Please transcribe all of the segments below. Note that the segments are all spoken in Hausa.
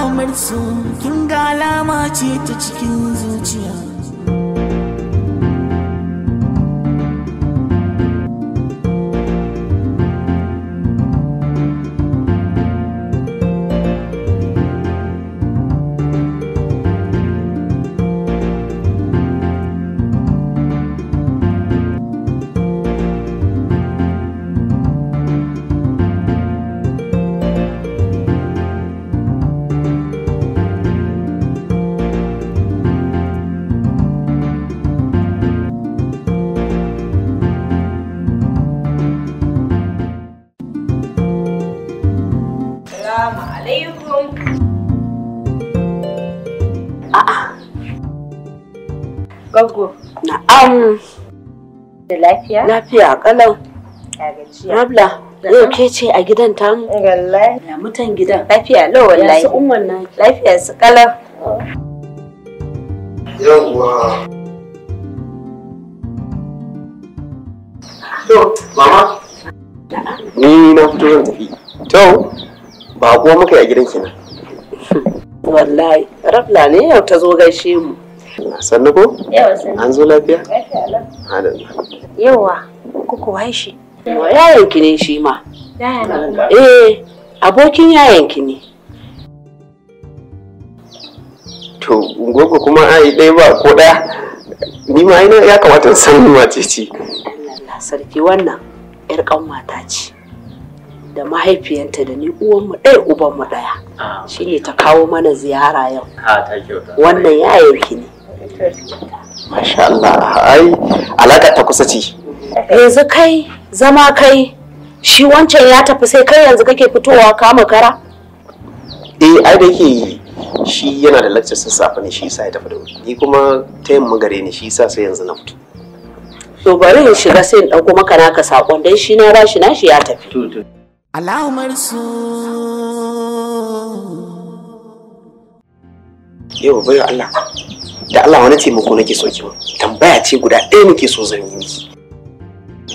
alamar su kin ga ce ta cikin zuciya Da lafiya? Lafiya kalau. Rabla, yau ke ce a gidan Ya mutan gidan. Lafiya lau wallahi. Ya su umman na. Lafiya su kalau. Yawwa. To, mama. Ni na fito zan tafi. To, ba kuwa muka yi a gidan kina. Wallahi, rabla ne yau ta zo gaishe mu. sannu ko? yawa sannu an zo lafiya? yawa kuku wai shi yayan ki ne shi ma eh abokin yayan ki ne to gogo kuma ai ɗaya ba ko ɗaya ni ma ina ya kamata in san ni mace ce sarki wannan yar kanwata ce da mahaifiyanta da ni uwanmu ɗaya ubanmu ɗaya ah. shine ta kawo mana ziyara yau ah, wannan yayan ki ne Masha Allah, ai alaƙa ta kusa ce. Yanzu kai zama kai shi wancan ya tafi sai kai yanzu kake fitowa ka makara. Eh, ai da ke shi yana da lakcin sassafe ne shi yasa ya tafi da wuri. Ni kuma ta yin magare ne shi sa sai yanzu na fito. To bari in shiga sai in ɗauko maka naka saƙon don shi na bashi shi ya tafi. Allahumar su. Yau bayan Allah. da Allah wani taimako nake so ki tambaya ce guda ɗaya nake so zan yi miki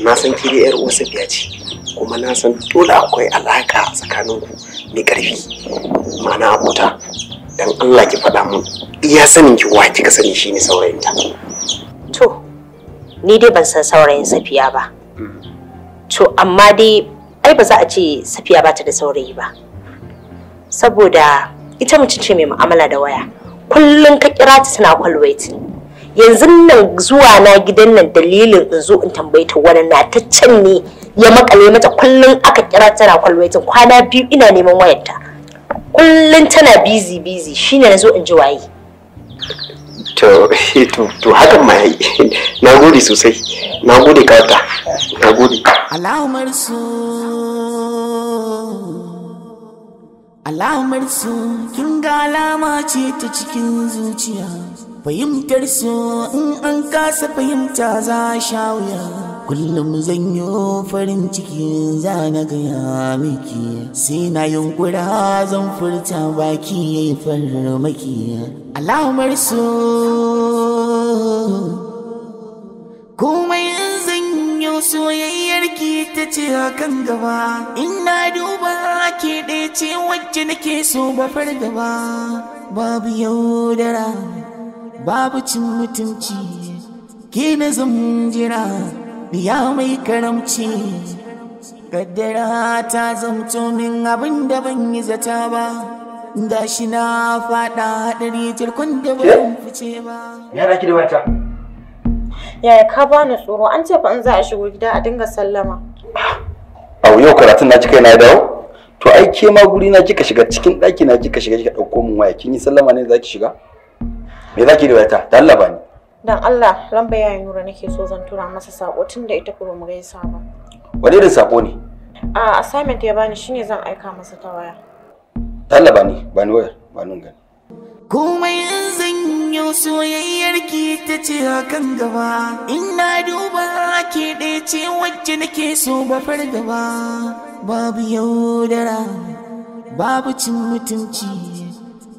na san ki da yar uwarsa biya ce kuma na san dole akwai alaka tsakanin ku mai ƙarfi ma'ana abota dan Allah ki faɗa mun iya sanin ki wa kika sani shine saurayin ta to ni dai ban san saurayin safiya ba to amma dai ai ba za a ce safiya ba ta da saurayi ba saboda ita mutum ce mai mu'amala da waya kullum ka kira ta tana kwalwaiti yanzu nan zuwa na gidan nan dalilin in zo in tambaye ta wani na ta can ne ya makale mata kullum aka kira tana kwalwaitin kwana biyu ina neman wayarta kullum tana busy busy shine na zo in ji waye to to hakan ma yi na sosai na gode kawata na gode alamar su kin ga alama ce ta cikin zuciya fahimtarsu in an kasa fahimta za sha wuya kullum zan yi farin ciki za na gaya miki sai na yunkura zan furta baki ya yi farmaki alamar su ce a kan gaba ina duba ke ɗaya ce wacce nake so ba gaba babu yaudara babu cin mutunci ke na zan jira biya mai karamci kaddara ta zamto min abin da ban yi zata ba da shi na fada hadari jirkun da ban fice ba yara ki da wata yaya ka bani tsoro an ce fa in za a shigo gida a dinga sallama au yau karatun na kai na dawo to ai ke ma guri na kika shiga cikin daki na kika shiga kika ɗauko min waya kin yi sallama ne zaki shiga me zaki da wayata ta Allah bani dan Allah ran bayanin nura nake so zan tura masa sako tunda ita ko mu gaisa ba wane da sako ne a assignment ya bani shine zan aika masa ta waya ta Allah bani bani waya bani gani kuma yanzu yau soyayyar ki ta ce hakan gaba ina duba ke ɗaya ce wacce nake so ba fargaba babu yaudara babu cin mutunci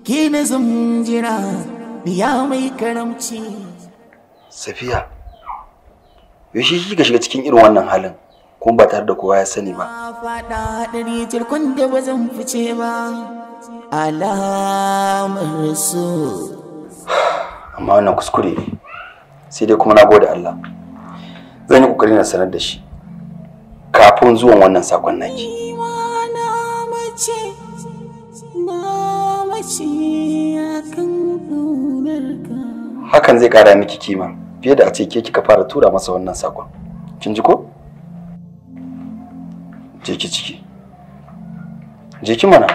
ke na zan jira ya mai karamci safiya yaushe kika shiga cikin irin wannan halin kun ba tare da kowa ya sani ba faɗa ɗari jirkun da ba zan fice ba alamar so amma wannan kuskure ne sai dai kuma na gode Allah zan yi kokari na sanar da shi kafin zuwan wannan sakon naki hakan zai kara miki kima fiye da a ce ke kika fara tura masa wannan sakon kin ji ko je ki ciki je ki mana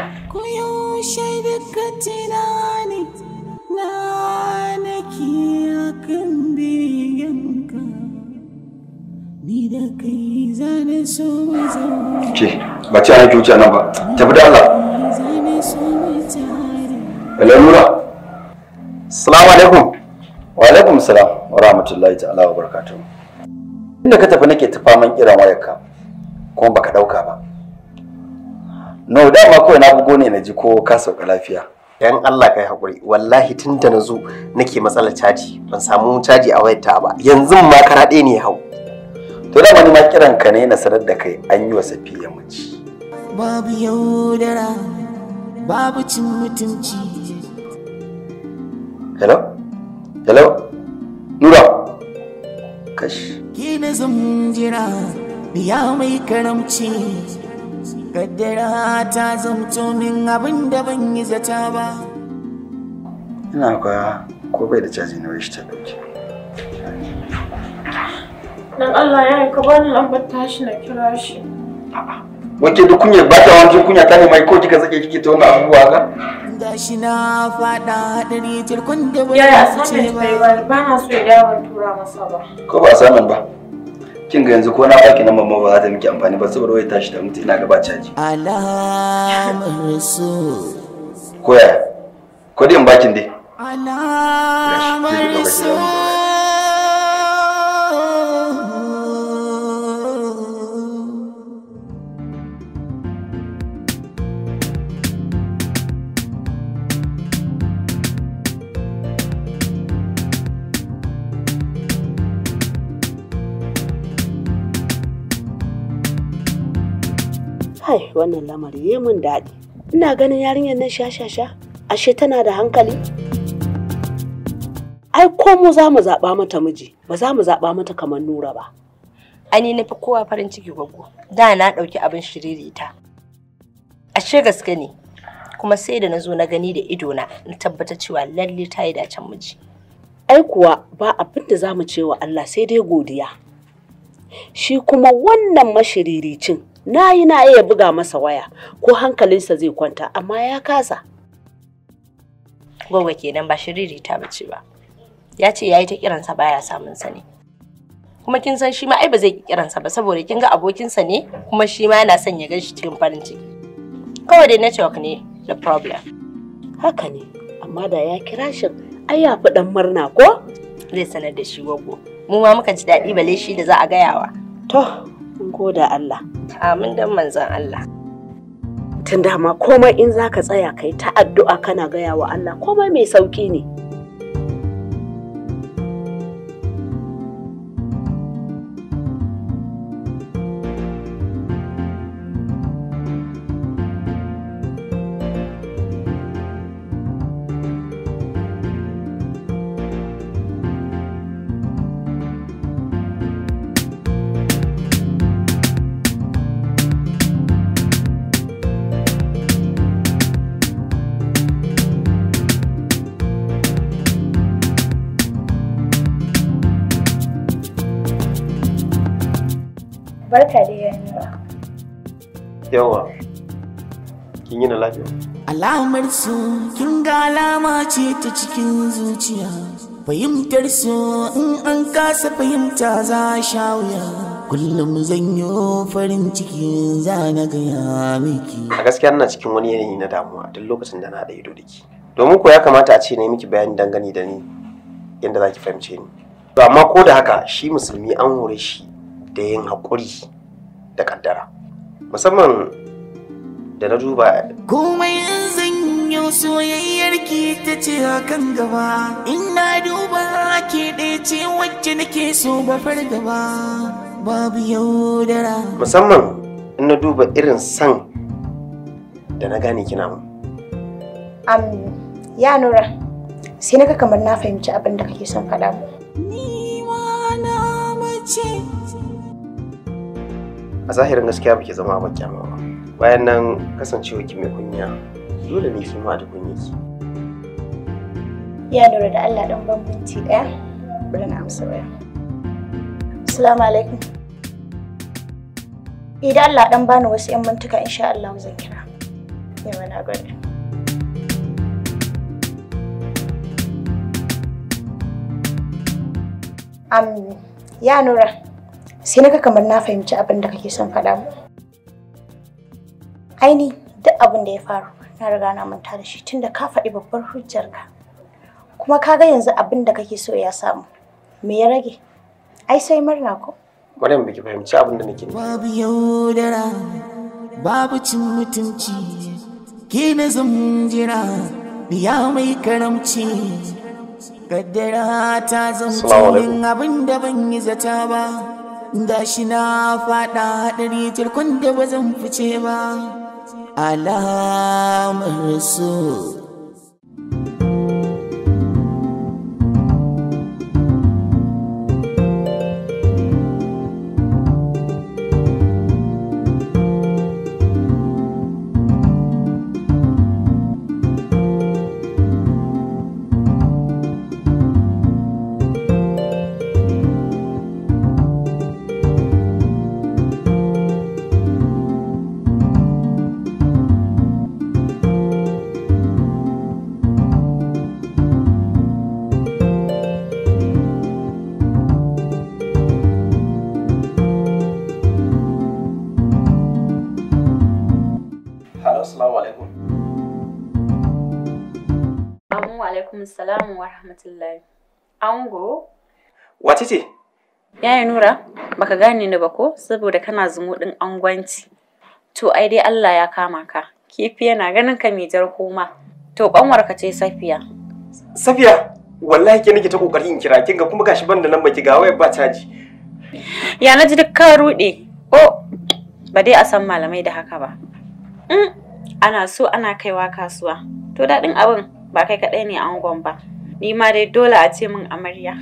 da kai zane so mai zaune ba ci haifi wuce nan ba tafi da Allah zane so salamu alaikum wa alaikum salam wa rahmatullahi ta'ala wa barakatuh inda ka tafi nake tafa man kiran wayarka kuma baka dauka ba no dama kawai na bugo ne na ji ko ka sauka lafiya dan Allah kai hakuri wallahi tun da na zo nake matsalar caji ban samu caji a wayarta ba yanzu ma karaɗe ne hau to da wani ma kiran ka ne na sanar da kai an yi wa safiya miji babu yaudara babu cin mutunci hello hello nura kash ki zan jira biya mai karamci kaddara ta zamto min abin da ban yi zata ba ina ga ko bai da caji na wish ta dauke Dan Allah ya ka bani lambar tashi na kira shi. Wace duk kunya ba ta kunya ta mai ko kika sake kike ta wannan abubuwa ga? Gashi na faɗa haɗari tilkun da ba ba. Ba na so ya ban tura masa ba. Ko ba samun ba. kin ga yanzu ko na baki nan mamma ba za ta miki amfani ba saboda wai tashi da mutu ina gaba caji alamar so ko ya ko dai in bakin dai alamar wannan lamari ya mun daɗi ina ganin yarinyar nan sha-sha-sha ashe tana da hankali ai ko mu za mu zaɓa mata miji ba za mu zaɓa mata kamar nura ba ani na fi kowa farin ciki gwaggo da na ɗauki abin ta. ashe gaske ne kuma sai da na zo na gani da idona na tabbata cewa lalle ta yi dacen miji ai kuwa ba abin da za mu ce wa Allah sai dai godiya shi kuma wannan mashiriricin na yi na iya buga masa waya ko hankalinsa zai kwanta amma ya kasa gwagwa kenan ba shiriri ta bace ba ya ce ya yi ta kiransa baya samun sa ne kuma kin san shi ma ai ba zai ki kiransa ba saboda kin ga abokinsa ne kuma shi ma yana son ya gan shi cikin farin ciki kawai dai network ne the problem haka ne amma da ya kira shi ai ya fi dan murna ko zai sanar da shi gwaggo mu ma muka ji daɗi bale shi da za a gayawa to mun goda Allah Amin dan manzon Allah. Tun dama komai in zaka tsaya kai ta addu'a kana gaya wa Allah komai mai sauƙi ne. Barka da yanuwa. Yawa, kin yi na lafiya? Alamar su kin ga alama ce ta cikin zuciya. Fahimtar su in an kasa fahimta za a sha wuya. Kullum zan yi farin ciki za na gaya miki. A gaskiya ina cikin wani yanayi na damuwa duk lokacin da na haɗa ido da ki. Domin ko ya kamata a ce na yi miki bayani dangane da ni yadda za ki fahimce ni. To amma ko da haka shi musulmi an hore shi da yin haƙuri da ƙaddara musamman da na duba komai zan yi soyayyar ki ta ce hakan gaba in na duba ke ɗaya ce wacce nake so ba fargaba babu yaudara musamman in na duba irin san da na gane kina mu am ya nura sai naga kamar na fahimci abin da kake son faɗa mu ni ma na mace a zahirin gaskiya baki zama ba kyama ba bayan nan kasancewa ki mai kunya dole ne ki ma da kunya ki ya lura da Allah dan bambanci daya bari na amsa waya assalamu alaikum idan Allah dan bani wasu yan mintuka insha Allah zan kira yawa na gode Amin. Ya Nura, sai naga kamar na fahimci abin da kake son faɗa mu aini duk abin da ya faru na riga na manta da shi tunda ka faɗi babbar hujjar ka kuma ka ga yanzu abin da kake so ya samu me ya rage ai sai murna ko mu biki fahimci abin da nake babu yaudara babu cin mutunci ke na zan jira ya mai karamci kaddara ta zan abin da ban yi zata ba shi na fada hadari tilkun da ba zan fice ba alamar su. alaikum wa rahmatullahi. Ango? Wace Yaya Nura, baka gane ni ba ko saboda kana ɗin angwanci. To ai dai Allah ya kama ka. Kifi yana ganin ka mai jar koma. To ka ce Safiya. Safiya, wallahi ke nake ta kokari in kira kinga kuma gashi ban da lamba ki ga wayar ba ji? Ya naji duk ka rude. Oh, ba dai a san malamai da haka ba. Mm, ana so ana kaiwa kasuwa. To daɗin abin ba kai kaɗai ne angon ba ni ma dai dole a ce min amarya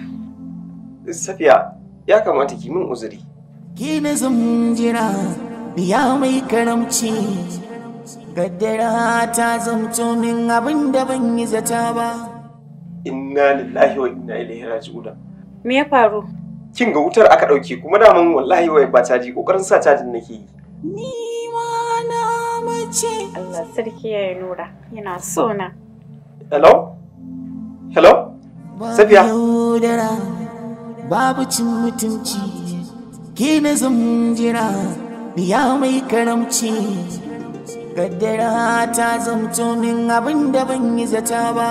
safiya ya kamata ki min uzuri ki na jira biya mai karamci gaddara ta zamto min abin ban yi zata ba inna lillahi wa inna ilaihi raji'un me ya faru kin ga wutar aka dauke kuma mun wallahi wai ba ji, kokarin sa cajin nake yi ni ma na mace Allah sarki ya yi nura yana so na hello hello safiya babu cin mutunci ki zan jira biya mai karamci Gaddara ta zamto min abin da ban yi zata ba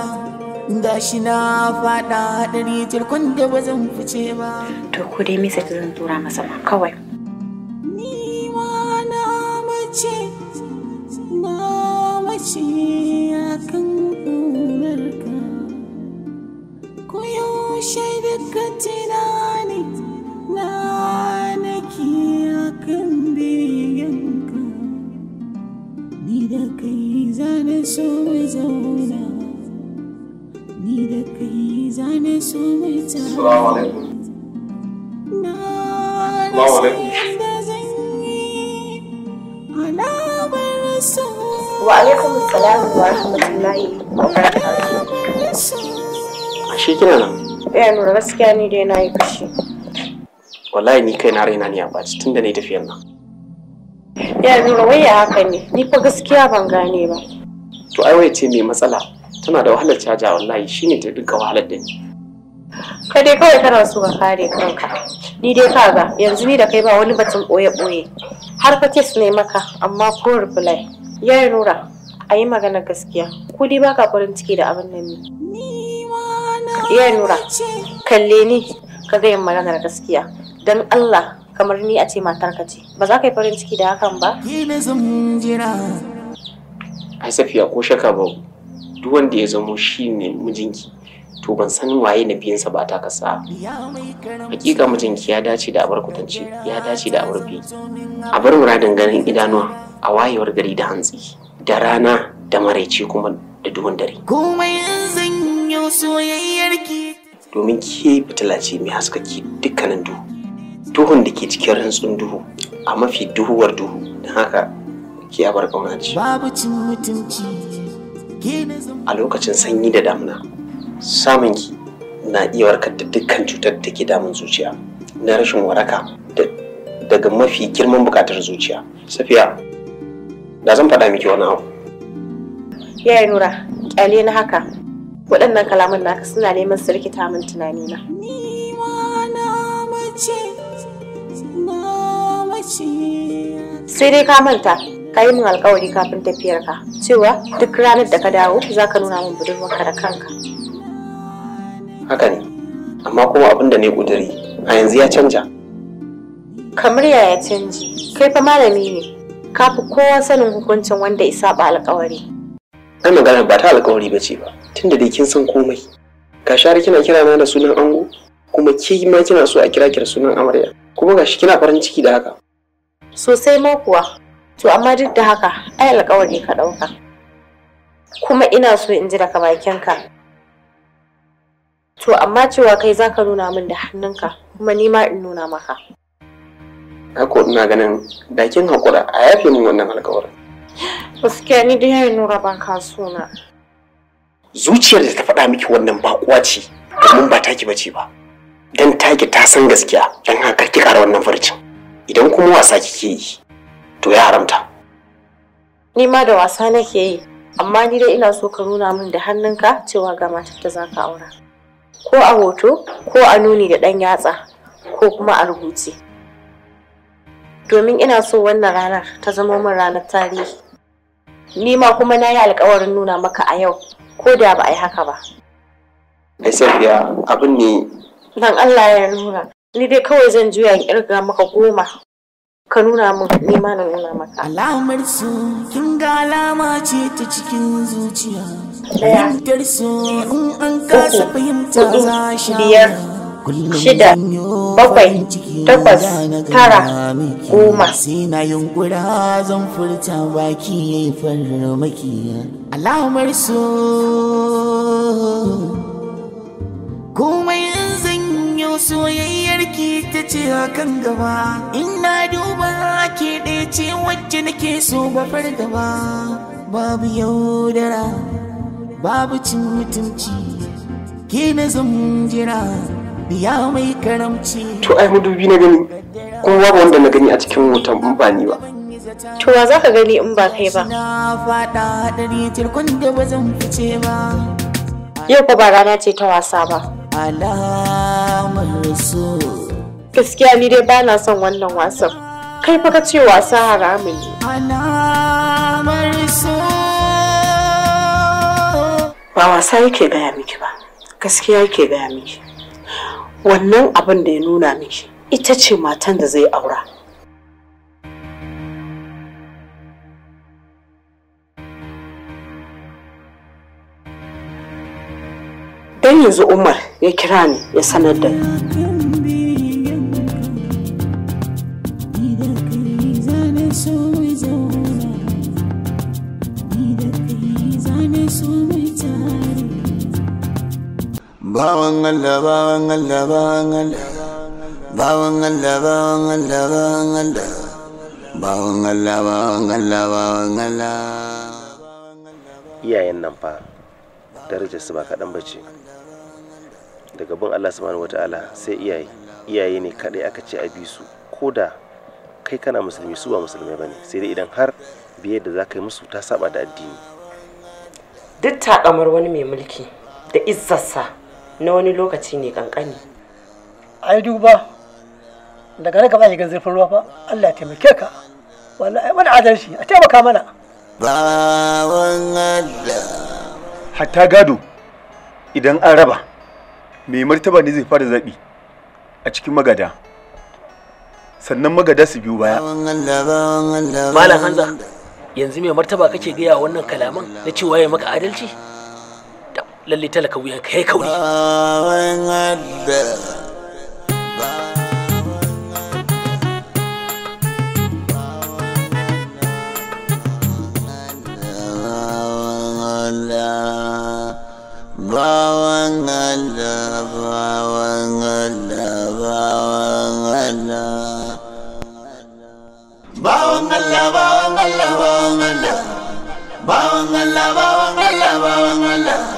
da shi na fada hadari jirgin da ba zan fice ba. To ku dai mesa da zan tura masa ma kawai. Ni ma na mace, na mace kan شي بكتي ناني نانك ياكم بيانكا نيدا كيزان سوزونا نيدا كيزان سوزونا السلام عليكم السلام وعليكم السلام ورحمة الله وبركاته. عشيتنا أنا. نعم. ya nura gaskiya ni dai na yi fushi wallahi ni kai na raina ne a baci tunda na yi tafiyar nan ya nura wai ya haka ne ni fa gaskiya ban gane ba to ai wai ce mai matsala tana da wahalar caja wallahi shine ta duka wahalar da ni ka dai kawai kana so ka kare kanka ni dai ka ga, yanzu ni da kai ba wani batun boye boye har ka tes ne maka amma ko reply ya nura a yi magana gaskiya ku dai baka farin ciki da abin nan ne ya nura kalle ni ka ga yin maganar gaskiya dan Allah kamar ni a ce matarka ce ba za ka yi farin ciki da hakan ba ai safiya ko shaka ba duk wanda ya zamo shi ne mijinki to ban san waye na biyansa ba ta kasa hakika mijinki ya dace da abar kutanci ya dace da abar biyu a bar muradin ganin idanuwa a wayewar gari da hantsi da rana da maraice kuma da duwan dare soyayyarki domin ke fitila ce mai haskaki dukkanin duhu duhun da ke cikin rantsun duhu a mafi duhuwar duhu don haka ke abar kauna a lokacin sanyi da damuna samun ki na iya warkar da dukkan cutar da ke damun zuciya na rashin waraka daga mafi girman bukatar zuciya safiya da zan faɗa miki wani abu yaya nura kyale na haka waɗannan kalaman naka suna neman su rikita min tunani na sai dai ka manta ka yi min alkawari kafin tafiyar ka cewa duk ranar da ka dawo za ka nuna min budurwanka da kanka haka ne amma kuma abin ne ƙuduri a yanzu ya canja kamar yaya canji kai fa malami ne ka fi kowa sanin hukuncin wanda isa ba alkawari ai magana ba ta alkawari ba ce ba tunda dai kin san komai ga shari kina kira na da sunan ango kuma ke ma kina so a kira ki da sunan amarya kuma gashi kina farin ciki da haka sosai ma kuwa to amma duk da haka ai alƙawari ka ɗauka kuma ina so in ji daga bakinka to amma cewa kai zaka nuna min da hannunka kuma ni ma in nuna maka ako ina ganin dakin haƙura a yafe min wannan alƙawarin gaskiya ni da yayin nura ban kasuwa zuciyar da ta faɗa miki wannan ba kuwa ce domin ba taki bace ba dan taki ta san gaskiya dan haka ki ƙara wannan farcin idan kuma wasa kike yi to ya haramta ni ma da wasa nake yi amma ni dai ina so ka nuna min da hannunka cewa ga matar da zaka aura ko a hoto ko a nuni da ɗan yatsa ko kuma a rubuce domin ina so wannan ranar ta zama min ranar tarihi ni ma kuma na yi alkawarin nuna maka a yau ko da ba a yi haka ba ai safiya abin ne nan Allah ya nuna ni dai kawai zan juya in kirga maka goma ka nuna min ni ma na nuna maka alamar su kin ga alama ce ta cikin zuciya Ɗaya. fahimtar su in an kasa fahimta za shi biyar shida bakwai takwas tara goma sina yunkura zan furta baki ya yi farmaki alamar so komai in zan soyayyar ki ta ce hakan gaba ina duba ke ɗaya ce wacce nake so ba fargaba babu yaudara babu cin mutunci ke na zan jira mai karamci to ai madubi na gani kuma babu wanda na gani a cikin wutan in ba ni ba to wa zaka gani in ba kai ba na fada tilkun da fice ba yau fa ba rana ce ta wasa ba alamar gaskiya ni dai ba na son wannan wasan kai fa ka ce wasa haramun ne alamar ba wasa yake gaya miki ba gaskiya yake gaya miki wannan abin da ya nuna min shi ita ce matan da zai aura dan yanzu umar ya kira ni ya sanar da ni bawan Allah bawan Allah bawan Allah bawan Allah bawan Allah bawan Allah iyayen nan fa darajar su ba kaɗan ba ce daga bin Allah subhanahu wata'ala sai iyaye iyaye ne kaɗai aka ce a bi su ko da kai kana musulmi su ba musulmai ba ne sai dai idan har biye da za ka yi musu ta saba da addini duk takamar wani mai mulki da izzarsa na wani lokaci ne kankani ai duba daga ranka ba shiga zurfin ruwa fa Allah ya taimake ka wallahi wani adalci a taimaka mana bawan Allah hatta gado idan an raba mai martaba ne zai fara zabi a cikin magada sannan magada su biyu baya malam hanza yanzu mai martaba kake gaya wannan kalaman na cewa ya maka adalci lalle talaka wuyan kai kauri Bawan Allah, bawan Allah, bawan Allah. Bawan Allah, bawan Allah, bawan Allah. Allah.